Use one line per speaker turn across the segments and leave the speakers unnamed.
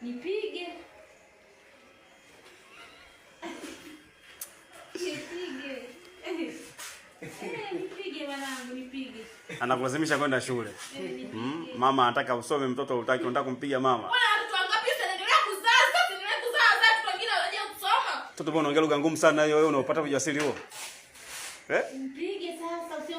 Nipige
nipige nipige. Anakulazimisha kwenda shule. Mm, mama anataka usome, mtoto utaki, unataka kumpiga mama. Mtoto bwana, unaongea lugha ngumu sana hiyo, wewe unaopata ujasiri huo.
Eh? Mpige sasa, usio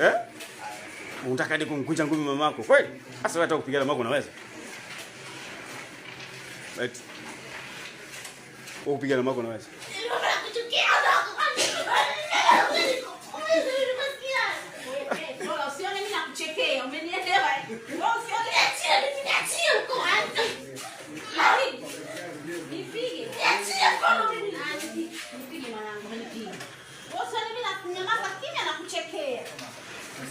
Eh? Unataka hadi kumkunja ngumi mamako kweli? Sasa wewe hata kupigana mamako unaweza? Eti. Wewe kupigana mamako unaweza?
nakuchekea, umenielewa?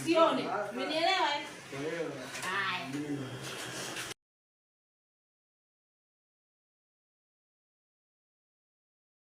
usione, eh? umenielewa? Haya.